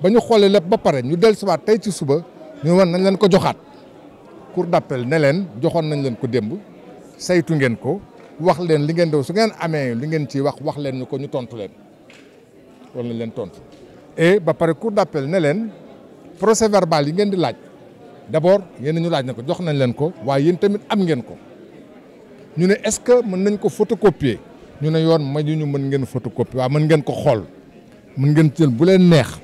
ba ñu xoolee lépp ba pare ñu dellusiwaat tey ci suba ñu wan nañ leen ko joxaat cour d'appel ne leen joxoon nañ leen ko démb saytu ngeen ko wax leen li ngeen doon su ngeen amee li ngeen ci wax wax leen ñu ko ñu tontu leen wala nañ leen tontu ba pare cour d'appel ne leen procès verbal yi ngeen di laaj d'abord yéen ñu laaj na ko jox nañ leen ko waaye yéen tamit am ngeen ko ñu ne est-ce que mën nañ ko photocopier ñu ne yoon ma ñu ñu mën ngeen photocopie waaw mën ngeen ko xool mën ngeen jël bu leen neex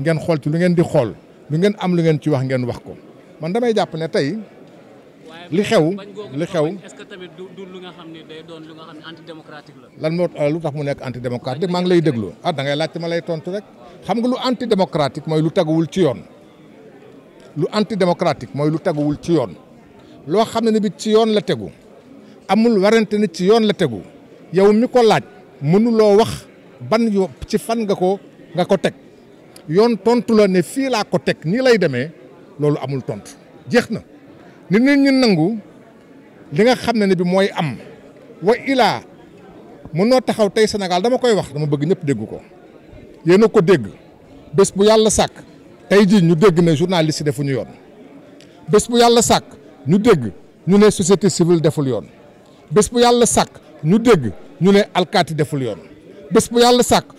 ngeen xool ci lu ngeen di xool lu ngeen am lu ngeen ci wax ngeen wax ko man damay jàpp ne tey li xew li xew lu xam ne day doon lu nga xam ne antidémocratique la. lan moo lu tax mu nekk antidémocratique maa ngi lay déglu ah da ngay laajte ma lay tontu rek xam nga lu antidémocratique mooy lu teguwul ci yoon lu anti antidémocratique mooy lu teguwul ci yoon loo xam ne bi ci yoon la tegu amul warante ni ci yoon la tegu yow mi ko laaj mënuloo wax ban yo ci fan nga ko nga ko teg. yoon tontu la ne fii laa ko teg nii lay demee loolu amul tontu jeex na nit nit ñu nangu li nga xam ne ne bi mooy am wa ilaa mënoo taxaw tey Sénégal dama koy wax dama bëgg ñëpp dégg ko yéen ko dégg bés bu yàlla sàkk tey jii ñu dégg ne journaliste yi defuñu yoon bés bu yàlla sàkk ñu dégg ñu ne société civile deful yoon bés bu yàlla sàkk ñu dégg ñu ne alkaati deful yoon bés bu yàlla sàkk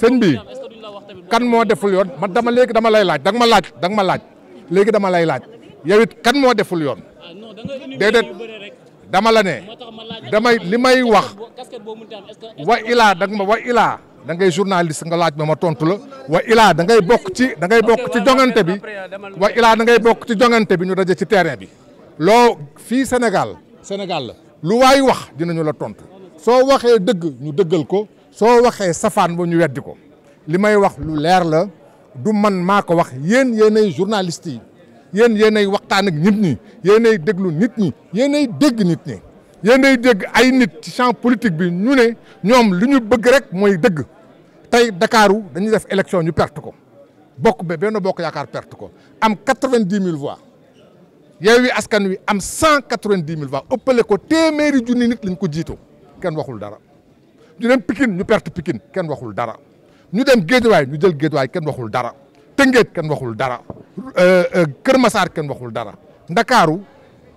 sëñ bi kan moo deful yoon ma dama léegi dama lay laaj danga ma laaj danga ma laaj léegi dama lay laaj yow it kan moo deful yoon ah, déedéet dama la ne damay li may wax wa ilaa danga ma wa ilaa da ngay journaliste nga laaj ma ma tontu la wa ilaa da ngay bokk ci da ngay bokk ci jongante bi wa ilaa dangay bokk ci jongante bi ñu daje ci terrain bi loo fii Sénégal Sénégal lu waay wax dinañu la tontu soo waxee dëgg ñu dëggal ko so waxee safane bo ñu weddi ko li wax lu leer la du man mako wax yeen yeenay journaliste yeen yeenay yéenay waxtaan ak nit ñi yéenay déglu nit ñi yeenay dégg nit ñi yeenay dégg ay nit ci champ politique bi ñu ne ñom li ñu bëgg rek moy dëgg tay Dakaaru dañu def élection ñu perte ko bokk ba benn bokk yaakaar perte ko am quatre vingt voix Yewwi Askan Wi am cent quatre voix ëppale ko téeméeri junni nit lañ ko jiito kenn waxul dara ñu dem Pikine ñu perte Pikine kenn waxul dara ñu dem Géejawaay ñu jël Géejawaay kenn waxul dara Tëngéej kenn waxul dara euh, euh, Kër Masaar kenn waxul dara Ndakaaru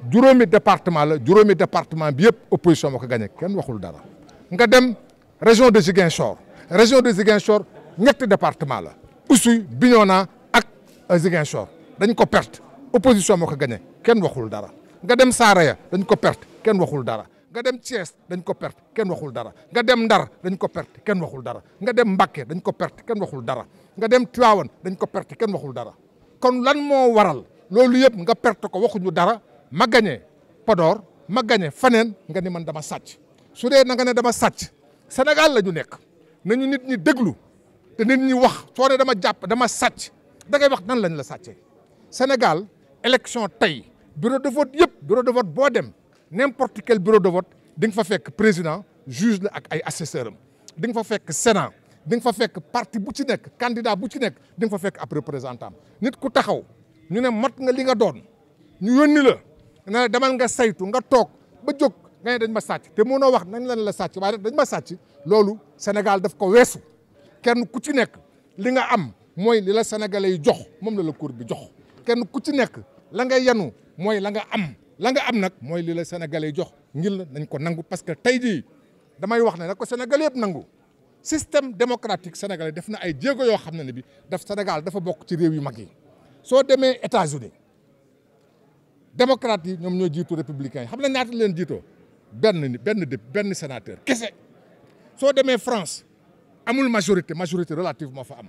juróomi département la juróomi département bi yëpp opposition moo ko gagné kenn waxul dara nga dem région de Ziguinchor région de Ziguinchor ñetti département la Oussouye Bignona ak euh, Ziguinchor dañ ko perte opposition moo ko gagné kenn waxul dara nga dem Saraya dañ ko perte kenn waxul dara nga dem Thiès dañ ko perte kenn waxul dara nga dem Ndar dañ ko perte kenn waxul dara nga dem Mbacké dañ ko perte kenn waxul dara nga dem Tivaouane dañ ko perte kenn waxul dara kon lan moo waral loolu yëpp nga perte ko waxuñu dara ma gañee Podor ma gañee faneen nga ni man dama sàcc su dee na nga ne dama sàcc Sénégal la ñu nekk nañu nit ñi déglu te nit ñi wax soo ne dama jàpp dama sàcc da wax nan lañ la sàccee Sénégal élection tey bureau de vote yëpp bureau de vote boo dem n'importe quel bureau de vote il faut que le président juge la assesseur que sénat di fa parti bu candidat bu ci faire di représentant nit ku taxaw ñu ne mat nga li Nous doon ñu les la ne Nous nga saytu nga qui ba nga dañ ma té mëno wax nañ la dañ ma Sénégal daf ko wessu kenn ku ci ont li nga am moy li la sénégalais yi jox mom la la cour bi jox kenn ku ci nek la ngay yanu la nga am la nga am nag mooy li la sénégalais jox ngir la nañ ko nangu parce que tey jii damay wax ne nag ko sénégalais yëpp nangu système démocratique sénégalais def na ay jéego yoo xam ne ne bi daf Sénégal dafa bokk ci réew yu mag yi soo demee États-Unis démocrates yi ñoom ñoo jiitu républicains yi xam na ñaata leen jiitoo benn ni benn dé benn sénateur kese soo demee France amul majorité majorité relative moo fa am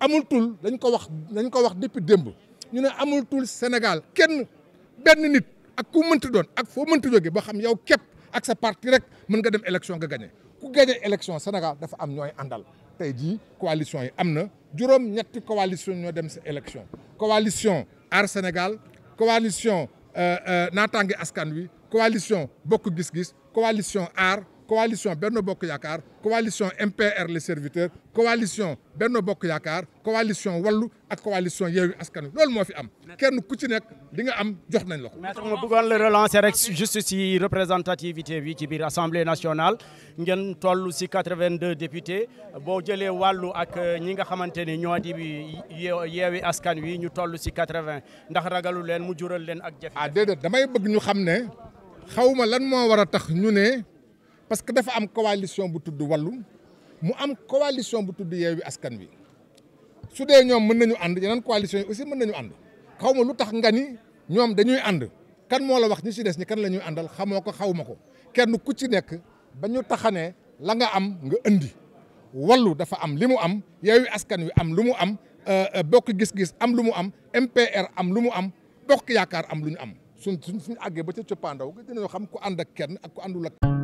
amul tul dañ ko wax dañ ko wax depuis démb ñu ne amul tul Sénégal kenn benn nit ak ku mënti doon ak foo mënti jóge ba xam yow képp ak sa parti rek mën nga dem élection nga gagné ku gagné élection Sénégal dafa am ñooy àndal tey jii coalition yi am na juróom-ñetti coalition ñoo dem sa élection coalition Aar Sénégal coalition euh, euh, Naataange Askan Wi coalition Bokk Gis-Gis coalition Aar. coalition Bernobok Yakar, coalition MPR les serviteurs coalition Bernobok Yakar, coalition Walu ak coalition Yewwi Askan Wi loolu moo fi am kenn ku ci nekk li nga am jox nañ la ko. maître ma bëggoon relancer rek juste représentativité de ci assemblée nationale Nous avons si 82 députés boo les Walu ak euh, ñi nga xamante ni ñoo di Yewwi Askan Wi ñu avons si 80 ndax ragalu leen mu jural leen ak jafe. ah déedéet damay bëgg ñu lan parce que dafa am coalition bu tudd wàllu mu am coalition bu tudd yeewi askan wi su dee ñoom mën nañu ànd yeneen coalition yi aussi mën nañu ànd xawma lu tax nga ni ñoom dañuy ànd kan moo la wax ñi ci des ñi kan la ñuy àndal xamoo ko xaw ma ko kenn ku ci nekk ba ñu taxanee la nga am nga indi wallu dafa am li mu am yeewi askan wi am lu mu am euh, euh, bokk gis-gis am lu mu am MPR am lu mu am bokk yaakaar am lu ñu am suñ suñ suñu àggee ba ca cëppaandaw ga dinañoo xam ku ànd kenn ak ku àndul